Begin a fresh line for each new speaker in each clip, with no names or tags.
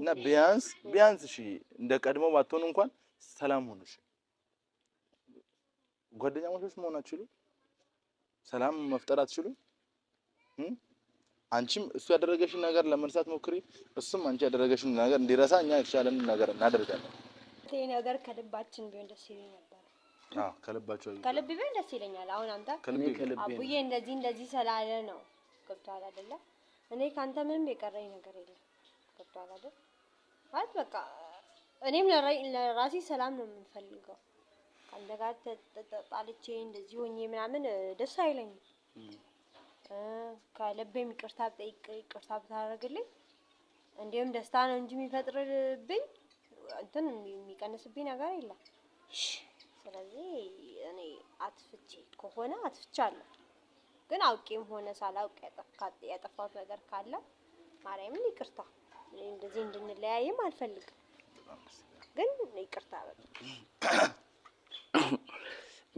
እና ቢያንስ ቢያንስ እሺ እንደ ቀድሞ ባትሆን እንኳን ሰላም ሆኑ። እሺ ጓደኛ ጓደኛሞች መሆን አትችሉ? ሰላም መፍጠር አትችሉ? አንቺም እሱ ያደረገሽን ነገር ለመርሳት ሞክሪ፣ እሱም አንቺ ያደረገሽን ነገር እንዲረሳ እኛ የተሻለን ነገር እናደርጋለን።
ይሄ ነገር ከልባችን ቢሆን ደስ ይለኝ ነበር።
አዎ ከልባችሁ
ከልብ ቢሆን ደስ ይለኛል። አሁን አንተ አቡዬ እንደዚህ እንደዚህ ስላለ ነው ገብቶሃል አይደለ? እኔ ከአንተ ምንም የቀረኝ ነገር የለም ገብቶሃል አይደል? ማለት በቃ እኔም ለራሴ ሰላም ነው የምንፈልገው። ከአንተ ጋር ተጣልቼ እንደዚህ ሆኜ ምናምን ደስ አይለኝም። ከልቤም ይቅርታ ብጠይቅ ይቅርታ ብታደርግልኝ እንዲሁም ደስታ ነው እንጂ የሚፈጥርብኝ እንትን የሚቀንስብኝ ነገር የለም። ስለዚህ እኔ አትፍቼ ከሆነ አትፍቻለሁ። ግን አውቄም ሆነ ሳላውቅ ያጠፋሁት ነገር ካለ ማርያምን ይቅርታ እንደዚህ እንድንለያይም አልፈልግም። ግን ይቅርታ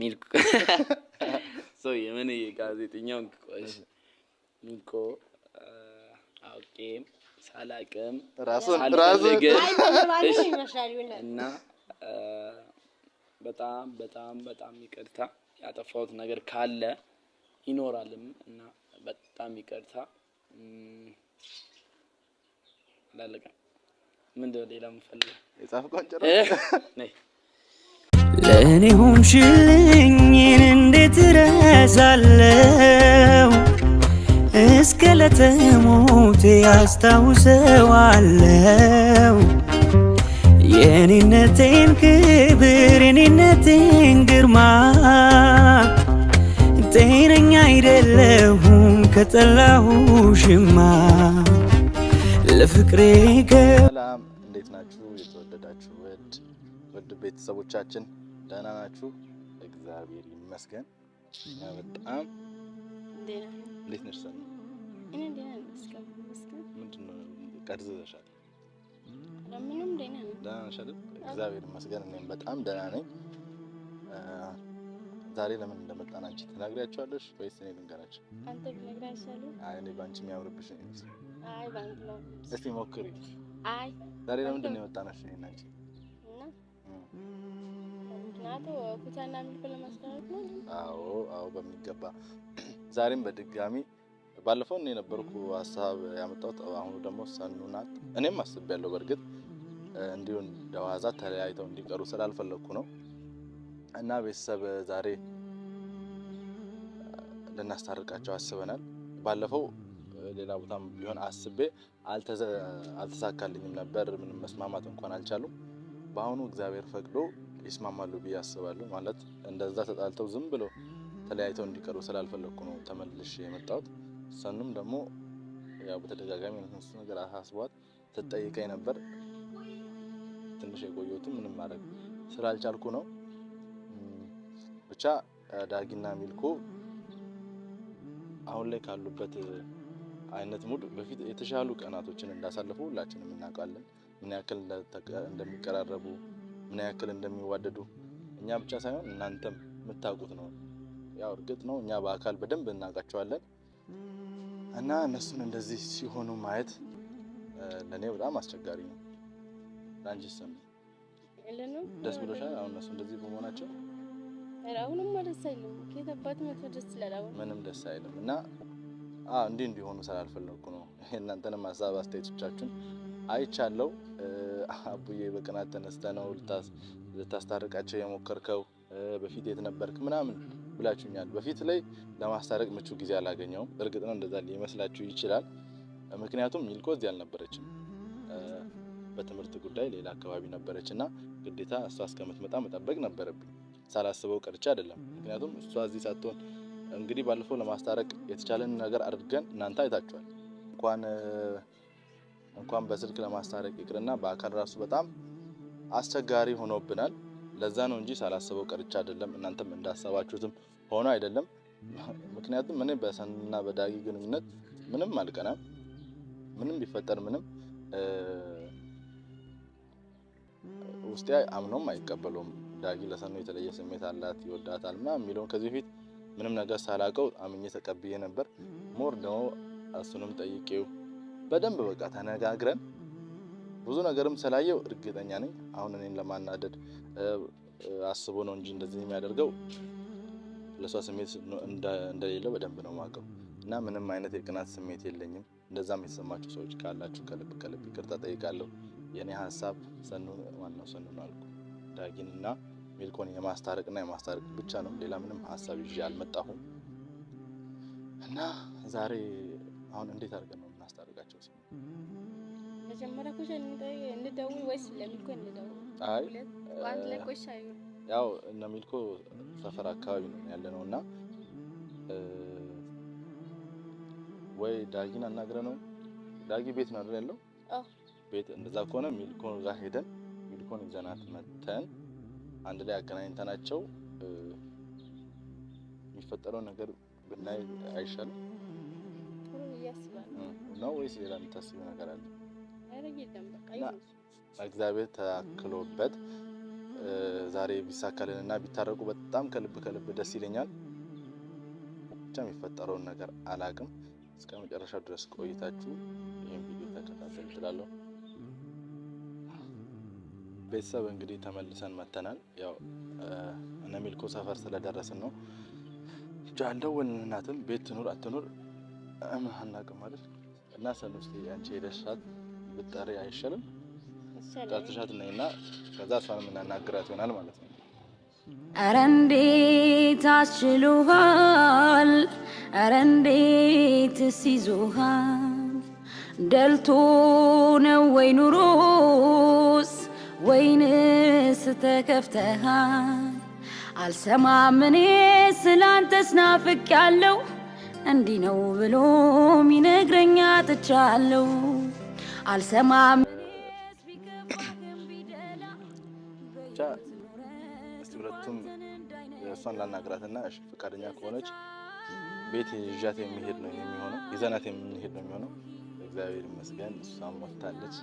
ሚልኮ ሰው የምን የጋዜጠኛው ቆሽ ሚልኮ አውቄም ሳላቅም ራሱን እና በጣም በጣም በጣም ይቅርታ ያጠፋሁት ነገር ካለ ይኖራልም እና በጣም ይቅርታ ላለቀ ምንድነው ሌላ የምፈልገው?
የጻፍከው አንጨረስ
ነይ
ለእኔ ሆንሽልኝን እንዴት ረሳለው? እስከ ለተሞቴ ያስታውሰዋለው። የኔነቴን ክብር የኔነቴን ግርማ ጤነኛ አይደለሁም ከጠላሁሽማ ለፍቅሬ
ሰላም፣ እንዴት ናችሁ? የተወደዳችሁ ውድ ውድ ቤተሰቦቻችን ደህና ናችሁ? እግዚአብሔር ይመስገን። በጣም እንዴት ነሽ? ሰላም
ምንድን እግዚአብሔር ይመስገን
እኔም በጣም ደህና ነኝ። ዛሬ ለምን እንደመጣን አንቺ ትነግሪያቸዋለሽ ወይስ እኔ ልንገራቸው?
አንተ ትነግራቸዋለህ።
አይ እኔ በአንቺ የሚያምርብሽ ነው እስቲ ሞክሪ። አይ ዛሬ ለምንድን ነው የወጣነሽ? እኔና አዎ አዎ፣ በሚገባ ዛሬም በድጋሚ ባለፈው እኔ የነበርኩ ሀሳብ ያመጣሁት አሁኑ ደግሞ ሰኑ ናት። እኔም አስቤያለሁ። በእርግጥ እንዲሁ እንደዋዛ ተለያይተው እንዲቀሩ ስላልፈለግኩ ነው። እና ቤተሰብ ዛሬ ልናስታርቃቸው አስበናል። ባለፈው ሌላ ቦታም ቢሆን አስቤ አልተሳካልኝም ነበር። ምንም መስማማት እንኳን አልቻሉም። በአሁኑ እግዚአብሔር ፈቅዶ ይስማማሉ ብዬ አስባለሁ። ማለት እንደዛ ተጣልተው ዝም ብለው ተለያይተው እንዲቀሩ ስላልፈለግኩ ነው ተመልሼ የመጣሁት። ሰኑም ደግሞ ያው በተደጋጋሚ ነሱ ነገር አሳስቧት ትጠይቀኝ ነበር። ትንሽ የቆየሁትም ምንም ማድረግ ስላልቻልኩ ነው። ብቻ ዳጊና ሚልኩ አሁን ላይ ካሉበት አይነት ሙድ በፊት የተሻሉ ቀናቶችን እንዳሳለፉ ሁላችንም እናውቃለን። ምን ያክል እንደሚቀራረቡ፣ ምን ያክል እንደሚዋደዱ እኛ ብቻ ሳይሆን እናንተም የምታውቁት ነው። ያው እርግጥ ነው እኛ በአካል በደንብ እናውቃቸዋለን እና እነሱን እንደዚህ ሲሆኑ ማየት ለእኔ በጣም አስቸጋሪ ነው። ለአንቺ ሰሚ ደስ ብሎሻል? አሁን እነሱ እንደዚህ በመሆናቸው
አሁንም ደስ አይልም።
ምንም ደስ አይልም እና እንዲህ እንዲሆኑ ስላልፈለኩ ነው። እናንተንም ሀሳብ አስተያየቶቻችሁን አይቻለው። አቡዬ በቅናት ተነስተ ነው ልታስታርቃቸው የሞከርከው በፊት የት ነበርክ ምናምን ብላችሁኛል። በፊት ላይ ለማስታረቅ ምቹ ጊዜ አላገኘውም። እርግጥ ነው እንደዛ ሊመስላችሁ ይችላል። ምክንያቱም ሚልኮ እዚህ አልነበረችም። በትምህርት ጉዳይ ሌላ አካባቢ ነበረች እና ግዴታ እሷ እስከምትመጣ መጠበቅ ነበረብኝ። ሳላስበው ቀርቼ አይደለም። ምክንያቱም እሷ እዚህ ሳትሆን እንግዲህ ባለፈው ለማስታረቅ የተቻለን ነገር አድርገን እናንተ አይታችኋል። እንኳን እንኳን በስልክ ለማስታረቅ ይቅርና በአካል ራሱ በጣም አስቸጋሪ ሆኖብናል። ለዛ ነው እንጂ ሳላስበው ቀርቻ አይደለም፣ እናንተም እንዳሰባችሁትም ሆኖ አይደለም። ምክንያቱም እኔ በሰንና በዳጊ ግንኙነት ምንም አልቀናም። ምንም ቢፈጠር ምንም ውስጤ አምኖም አይቀበለውም። ዳጊ ለሰኑ የተለየ ስሜት አላት፣ ይወዳታል ምናምን የሚለውን ከዚህ በፊት ምንም ነገር ሳላውቀው አምኜ ተቀብዬ ነበር። ሞር ደግሞ እሱንም ጠይቄው በደንብ በቃ ተነጋግረን ብዙ ነገርም ስላየው እርግጠኛ ነኝ አሁን እኔን ለማናደድ አስቦ ነው እንጂ እንደዚህ የሚያደርገው ለሷ ስሜት እንደሌለው በደንብ ነው የማውቀው እና ምንም አይነት የቅናት ስሜት የለኝም። እንደዛም የተሰማችሁ ሰዎች ካላችሁ ከልብ ከልብ ይቅርታ ጠይቃለሁ። የእኔ ሀሳብ ሰኑ ዋናው ሰኑ አልኩ ዳጊን እና ሜልኮን የማስታረቅና የማስታረቅ ብቻ ነው። ሌላ ምንም ሀሳብ ይዤ አልመጣሁም እና ዛሬ አሁን እንዴት አድርገን ነው የምናስታርቃቸው? ሲ ያው እነ ሚልኮ ሰፈር አካባቢ ነው ያለ ነው እና ወይ ዳጊን አናግረ ነው ዳጊ ቤት ነው ያለው ቤት። እንደዛ ከሆነ ሚልኮ ጋር ሄደን ሚልኮን ይዘናት መተን አንድ ላይ አገናኝተናቸው የሚፈጠረው ነገር ብናይ አይሻልም ነው ወይስ ሌላ የምታስቢው ነገር አለ? እግዚአብሔር ተክሎበት ዛሬ ቢሳካልን እና ቢታረቁ በጣም ከልብ ከልብ ደስ ይለኛል። ብቻ የሚፈጠረውን ነገር አላቅም። እስከ መጨረሻ ድረስ ቆይታችሁ ይህን ቪዲዮ ተከታተል እችላለሁ። ቤተሰብ እንግዲህ ተመልሰን መተናል። ያው እነ ሚልኮ ሰፈር ስለደረስን ነው እንጂ አልደወልን። እናትም ቤት ትኑር አትኑር አናውቅም ማለት እና ሰን ውስጥ አንቺ ሄደሻት ብጠሪ አይሻልም? ጠርትሻት ነ እና ከዛ እሷን የምናናግራት ይሆናል ማለት ነው።
ኧረ እንዴት አስችሉሃል? ኧረ እንዴት ሲይዙሃል? ደልቶ ነው ወይ ኑሮ ወይንስ ተከፍተሃል? አልሰማም እኔ ስላንተስ ናፍቅ ያለው እንዲህ ነው ብሎ ሚነግረኛ ጥቻለሁ። አልሰማም
ሁለቱም እሷን ላናግራትና ፈቃደኛ ከሆነች ቤት ይዣት የሚሄድ ነው የሚሆነው ይዘናት የምንሄድ ነው የሚሆነው። እግዚአብሔር ይመስገን እሷም ወታለች።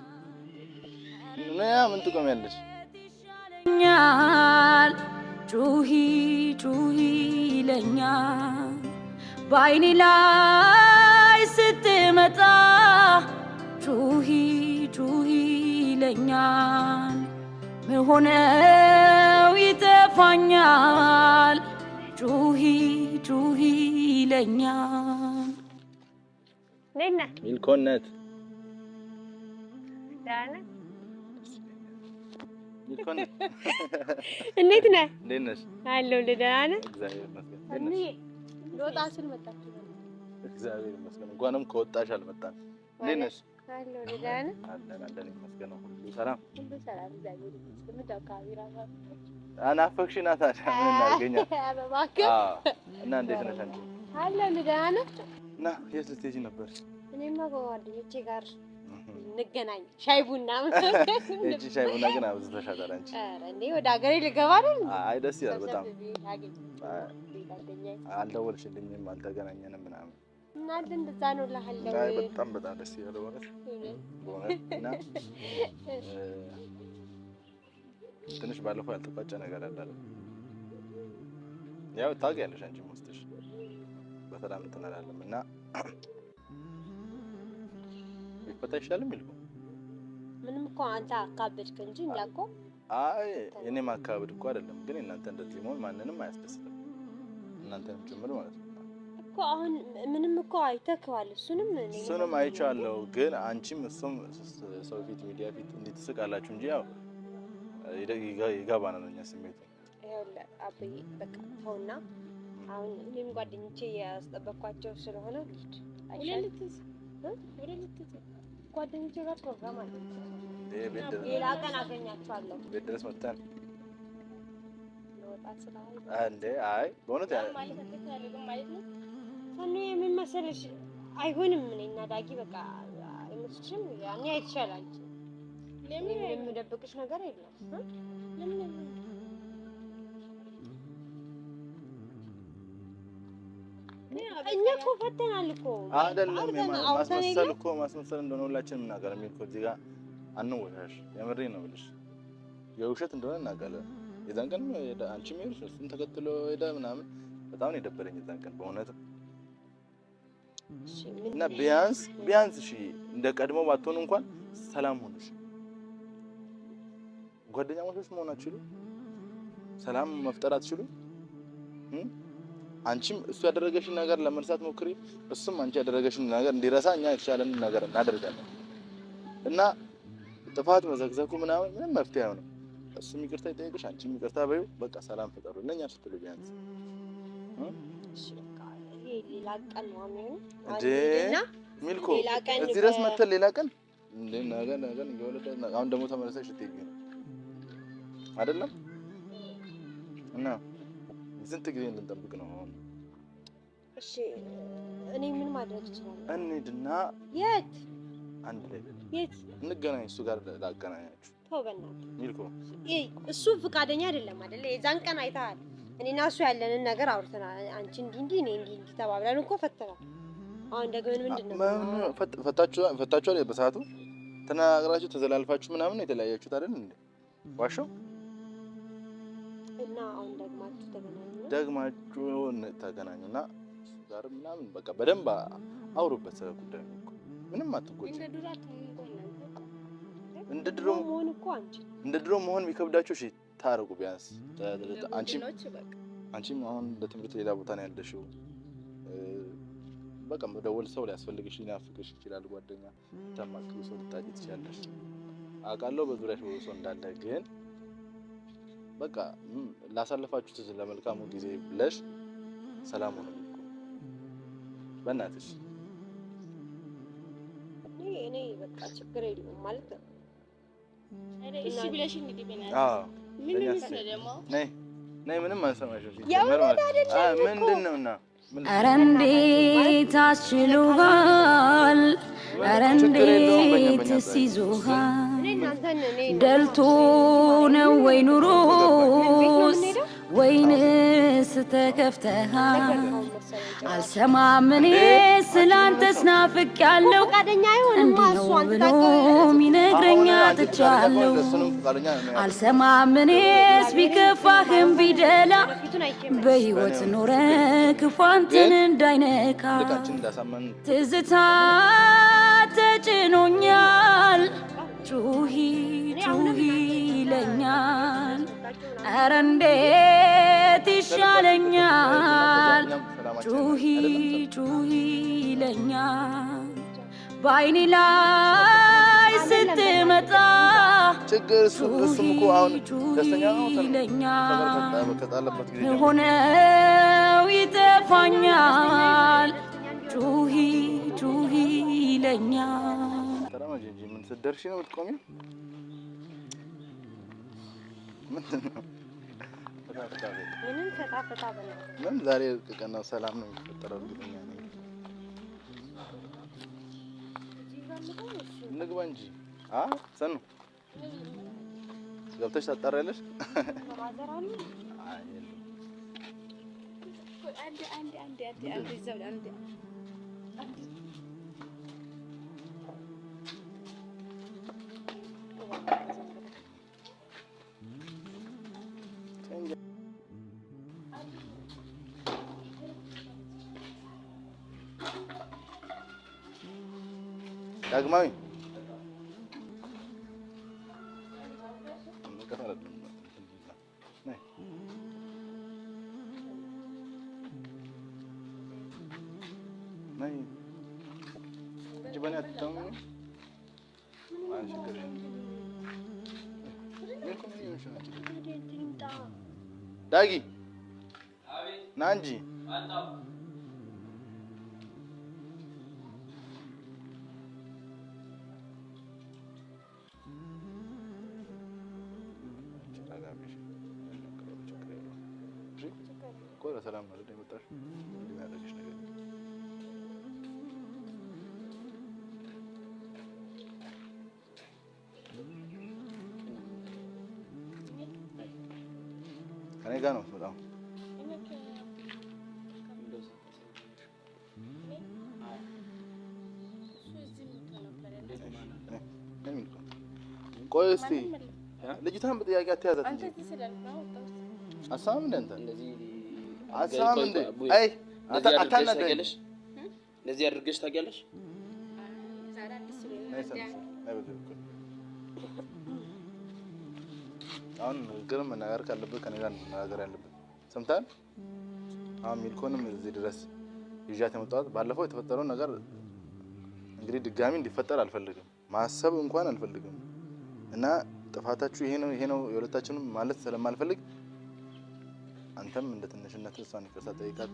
ምን ጥቅም ያለች
ይለኛል ጩሂ ጩሂ ይለኛል በአይኔ ላይ ስትመጣ ጩሂ ጩሂ ይለኛል ምሆነው ይጠፋኛል ጩሂ ጩሂ ይለኛል
ሚልኮነት እንዴት ነህ? እንዴት ነሽ?
አለሁ ደህና ነህ? እኔ ልወጣ ስል መጣችሁ።
እግዚአብሔር ይመስገን። እንኳንም ከወጣሽ አልመጣም። እንዴት ነሽ?
አለሁ ታዲያ እና
እንዴት ነሽ አንቺ? ደህና ነህ? እና የት ልትሄጂ ነበር?
እኔማ ከጓደኞቼ ጋር እንገናኝ። ሻይ ቡና
እጂ ሻይ ቡና ግን አብዝተሻታል አንቺ።
እኔ ወደ ሀገሬ ልገባ አይደል?
አይ ደስ ይላል በጣም። አልደወልሽልኝም፣ አልተገናኘንም ምናምን
እና እንደዛ ነው እልሃለሁ።
አይ በጣም በጣም ደስ ይላል በእውነት በእውነት። ትንሽ ባለፈው ያልተቋጨ ነገር አለ ያው ታውቂያለሽ አንቺ ውስጥሽ በሰላም እንትን አላለም እና ሊፈታ ይችላል።
ምንም እኮ አንተ አካበድክ እንጂ እኛ እኮ
አይ እኔ ማካበድ እኮ አይደለም፣ ግን እናንተ እንደዚህ መሆን ማንንም አያስደስትም፣ እናንተንም ጭምር ማለት ነው
እኮ አሁን ምንም እኮ አይተከዋል። እሱንም
እሱንም አይቻለሁ፣ ግን አንቺም እሱም ሰው ፊት ሚዲያ ፊት እንድትስቃላችሁ እንጂ ያው ይገባናል እኛ ስሜት
ይኸውልህ አብይ በቃ ተውና፣ አሁን እኔም ጓደኞቼ ያስጠበቅኳቸው ስለሆነ ልጅ ልሂድ ጓደኞቼ ጋር ፕሮግራም አለ። ሌላ ቀን አገኛቸዋለሁ።
ቤት ድረስ መጥተን እንዴ? አይ በእውነት ያለ
ሰኑ የምን መሰለሽ፣ አይሆንም። እኔና ዳጊ በቃ አይመስልሽም? ያኔ አይቻላል። ለምን የምደብቅሽ ነገር የለም። ለምን እኛ እኮ ፈተናል እኮ
አይደለም። ማስመሰል እኮ ማስመሰል እንደሆነ ሁላችን እናውቃለን። እኮ እዚህ ጋር አንወሻሽ፣ የምሬን ነው ብልሽ የውሸት እንደሆነ እናውቃለን። የዛን ቀን አንቺ ሄድሽ፣ እሱን ተከትሎ ሄደ ምናምን። በጣም ነው የደበረኝ የዛን ቀን በእውነት እና ቢያንስ ቢያንስ እሺ እንደ ቀድሞ ባትሆን እንኳን ሰላም ሆነሽ ጓደኛሞች መሆን አትችሉ? ሰላም መፍጠር አትችሉም? አንቺም እሱ ያደረገሽን ነገር ለመርሳት ሞክሪ፣ እሱም አንቺ ያደረገሽን ነገር እንዲረሳ እኛ የተሻለን ነገር እናደርጋለን። እና ጥፋት መዘግዘኩ ምናምን ምንም መፍትሄ አይሆንም። እሱም ይቅርታ ይጠይቅሽ፣ አንቺም ይቅርታ በይው። በቃ ሰላም ፍጠሩ። እነኛ ስትሉ ቢያንስ ሚልኮ እዚህ ድረስ መተን ሌላ ቀን ነገ ነገ እየወለደ አሁን ደግሞ ተመለሰሽ ትይኝ አይደለም እና ስንት ጊዜ እንጠብቅ ነው?
እሺ እኔ ምን ማድረግ ይችላል? እንሂድና የት አንድ ላይ የት
እንገናኝ? እሱ ጋር ላገናኛችሁ። ተው በእናትህ ሚልኮ፣
እሱ ፍቃደኛ አይደለም አይደለ? የዛን ቀን አይተሃል። እኔና እሱ ያለንን ነገር አውርተናል። አንቺ እንዲህ እንዲህ እኔ እንዲህ እንዲህ ተባብለን እኮ ፈተናል። አሁን ምን ምንድን
ነው ፈታችኋል? በሰዓቱ ተናግራችሁ ተዘላልፋችሁ ምናምን የተለያያችሁት አይደል? እንደ ዋሻው
እና አሁን ደግማችሁ ተገናኝ
ደግማችሁን ተገናኙና ጋር ምናምን በቃ በደንብ አውሩበት ስለ ጉዳዩ። ምንም አትጎጂ። እንደ ድሮ እንደ ድሮ መሆን የሚከብዳችሁ እሺ፣ ታረቁ ቢያንስ። አንቺም አንቺም አሁን ለትምህርት ሌላ ቦታ ነው ያለሽው። በቃ መደወል ሰው ሊያስፈልግሽ ሊናፍቅሽ ይችላል። ጓደኛ ተማክሩ ሰው ልታጭ ትችላለሽ። አውቃለሁ በዙሪያሽ ብዙ ሰው እንዳለ ግን በቃ ላሳለፋችሁት ለመልካሙ ጊዜ ብለሽ ሰላም ሆነ። በእናትሽ ነው። እሺ ብለሽ ምንም አንሰማሽም። ምንድን ነው እና
ኧረ እንዴት አስችሉሃል? ኧረ እንዴት ይዙሃል? ደልቶ ነው ወይ ኑሮስ ወይንስ ተከፍተሃል? አልሰማም እኔ ስላንተስ ናፍቅ ያለው እንዲህ ነው ብሎም ይነግረኛ ጥቻለሁ። አልሰማም እኔስ ቢከፋህም ቢደላ በሕይወት ኖረ ክፋንትን እንዳይነካ ትዝታ ተጭኖኛል ጩሂ ጩሂ ይለኛል። ኧረ እንዴት ይሻለኛል? ጩሂ ጩሂ ይለኛል። በአይኔ ላይ ስትመጣ
ችግር እሱም እኮ አሁን ደስተኛ
ነው ሆነው ይጠፋኛል። ጩሂ ጩሂ ይለኛል
እንጂ ምን ስትደርሺ ነው የምትቆሚው? ምን ዛሬ ቀን ነው፣ ሰላም ነው የሚፈጠረው። እርግጠኛ ነኝ። እንግባ እንጂ ሰኑ ገብተሽ ታጣሪያለሽ። Gagawin. አብሽ እናከራው ችግር እሺ እኮ ለሰላም ነው አይደል ያደረግሽ ነገር ከኔ ጋር ነው ቆይ ልጅቷን በጥያቄ አትያዛት እንጂ አሳም እንደ አንተ አሳም እንደ አይ
እንደዚህ አድርገሽ ታውቂያለሽ?
አሁን ንግግር መናገር ካለብህ ከእኔ ጋር መናገር ያለብህ ሰምተሃል። አሁን ሚልኮንም እዚህ ድረስ ይዣት የመጣሁት ባለፈው የተፈጠረውን ነገር እንግዲህ ድጋሚ እንዲፈጠር አልፈልግም። ማሰብ እንኳን አልፈልግም እና ጥፋታችሁ ይሄ ነው ይሄ ነው የሁለታችንም ማለት ስለማልፈልግ አንተም እንደ ትንሽነት እሷን ይቅርታ ጠይቃት፣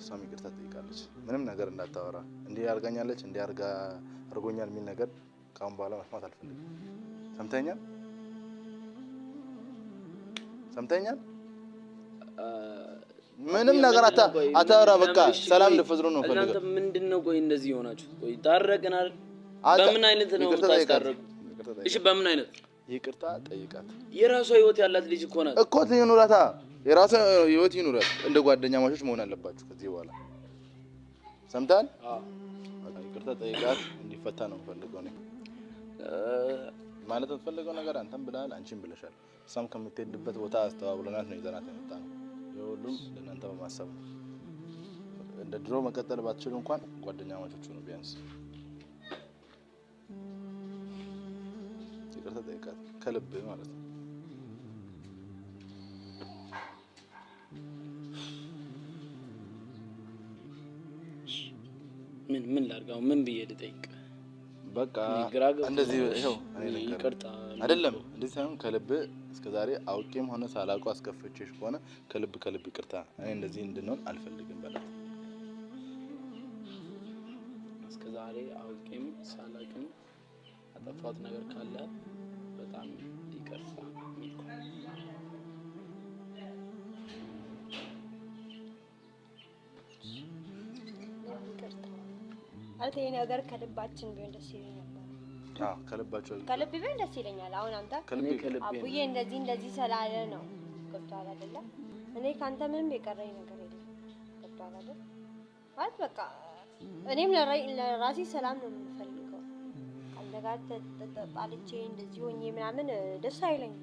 እሷም ይቅርታ ጠይቃለች። ምንም ነገር እንዳታወራ እንዲህ አርጋኛለች እንዲህ አርጋ አርጎኛል የሚል ነገር ካሁን በኋላ መስማት አልፈልግም። ሰምተኛል? ሰምተኛል? ምንም ነገር አታ አታወራ። በቃ ሰላም ልፈጥሩ ነው ፈልገው።
እናንተ ምንድነው? ቆይ እንደዚህ የሆናችሁ ቆይ ታረቅናል። በምን አይነት ነው ታስታረቁ? እሺ በምን አይነት
ይቅርታ ጠይቃት።
የራሷ ህይወት ያላት ልጅ እኮ ናት
እኮ ትኑራታ። የራሷ ህይወት ይኑራት። እንደ ጓደኛ ማሾች መሆን አለባችሁ ከዚህ በኋላ ሰምታል። ይቅርታ ጠይቃት። እንዲፈታ ነው ፈልገው ነ ማለት የምትፈልገው ነገር አንተም ብለሃል፣ አንቺም ብለሻል። እሷም ከምትሄድበት ቦታ አስተባብለናት ነው ይዘናት የመጣ ነው። የሁሉም ለእናንተ በማሰብ ነው። እንደ ድሮ መቀጠል ባትችሉ እንኳን ጓደኛ ማቾቹ ነው ቢያንስ ፍቅር ተጠይቃት ከልብ ማለት ነው።
ምን ምን ላድርጋው? ምን ብዬ ልጠይቅ?
በቃ እንደዚህ ይቅርታ አይደለም እንደዚህ ሳይሆን ከልብ እስከዛሬ አውቄም ሆነ ሳላውቀው አስከፈችሽ ከሆነ ከልብ ከልብ ይቅርታ። እኔ እንደዚህ እንድንሆን አልፈልግም በላት። እስከዛሬ አውቄም ሳላውቅም ያጠፋሁት ነገር ካለ በጣም ይቅርታ
ይሄ ነገር ከልባችን ቢሆን ደስ ይለኛል። አዎ ከልብ ቢሆን ደስ ይለኛል። አሁን አንተ አቡዬ እንደዚህ እንደዚህ ስላለ ነው ገብቶሃል አይደለ? እኔ ከአንተ ምንም የቀረኝ ነገር የለም። ገብቶሃል አይደል? ማለት በቃ እኔም ለራሴ ሰላም ነው ጋር ተጣልቼ እንደዚህ ሆኜ ምናምን ደስ አይለኝም።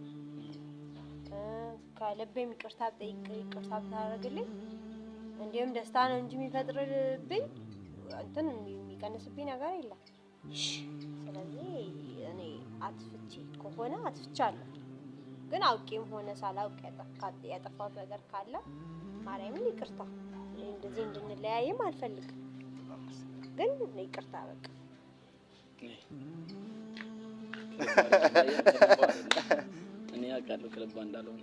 ከልቤም ይቅርታ ጠይቅ ይቅርታ ብታደርግልኝ እንዲሁም ደስታ ነው እንጂ የሚፈጥርብኝ እንትን የሚቀንስብኝ ነገር የለም። ስለዚህ እኔ አትፍቼ ከሆነ አትፍቻለሁ፣ ግን አውቄም ሆነ ሳላውቅ ያጠፋሁት ነገር ካለ ማርያምን ይቅርታ። እንደዚህ እንድንለያይም አልፈልግም፣ ግን ይቅርታ በቃ
እኔ አውቃለሁ ከልቧ እንዳልሆነ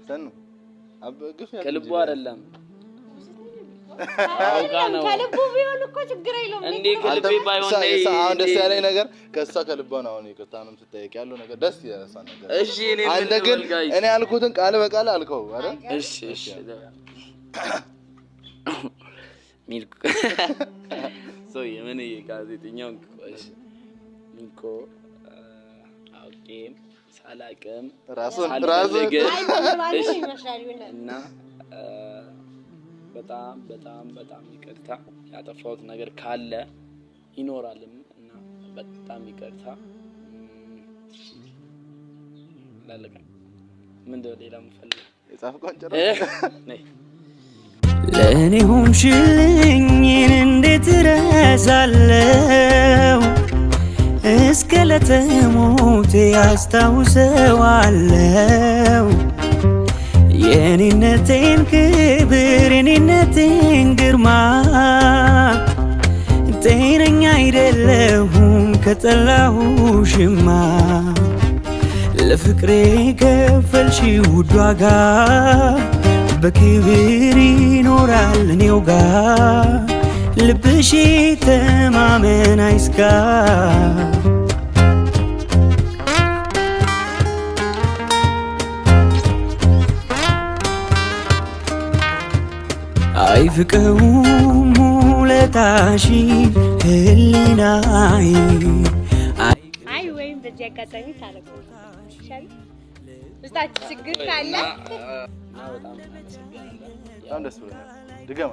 ከልቧ አይደለም
አሁን ደስ ያለኝ ነገር ከእሷ ከልቧ ነው። አሁን ይቅርታንም ስጠይቅ ያለው ነገር ደስ ያሳ ነገር አንተ ግን እኔ ያልኩትን ቃል በቃል አልከው አይደል? እሺ እሺ ሚልኩ ሰውዬ ምን ጋዜጠኛውን እሺ እኮ አውቄም ሳላቅም ራሱን እና በጣም በጣም በጣም ይቅርታ ያጠፋሁት ነገር ካለ ይኖራልም እና በጣም ይቅርታ። ላለቀ ምን ሌላ ምፈልግ
የጻፍ ቆንጨራ
ለእኔ ሆንሽልኝን እንዴት ረሳለው እስከ ለተሞቴ ያስታውሰዋለው የኔነቴን ክብር የኔነቴን ግርማ ጤነኛ አይደለሁም ሽማ ለፍቅሬ ከፈልሽ ውድ ዋጋ በክብር ይኖራል እኔው ጋ ልብሽ ተማመን አይስጋ አይፍቀውም ውለታሽ ህሊናይ
አይ ችግር ካለ
በጣም ደስ ብሎኛል። ድገማ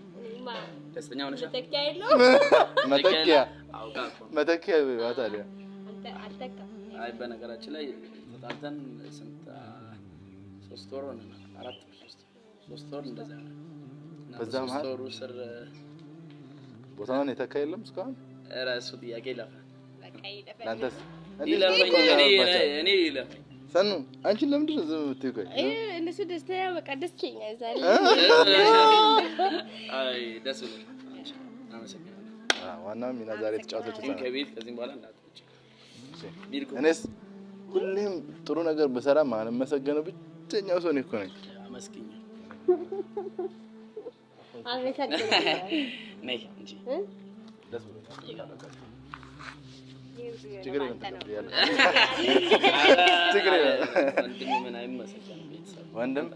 ደስተኛ ሆነሻል? መተኪያ መተኪያ ታዲያ
አይ በነገራችን ላይ ተጣልተን ስንት ሶስት ወር ሆነ አራት ሶስት ወር እንደዛ ነው። በዛ መሀል ሶስት ወሩ ስር
ቦታውን የተካ የለም እስካሁን
እሱ ጥያቄ ይለፋል። ለአንተስ እኔ ይለፈኝ
ሰኑ አንቺን ለምንድን ነው ዝም የምትይው?
ቆይ እነሱ ደስተኛ በቃ ደስተኛ
አይ ደስ ብሎኝ
አመሰግናለሁ። ዋና ሚና ዛሬ ተጫወተች። እኔስ ሁሌም ጥሩ ነገር ብሰራ ማንም መሰገነው ብቸኛው ሰው እኮ ነኝ።
አመስግኝ አመሰግናለሁ።
ደስ ችግር የለም ወንድም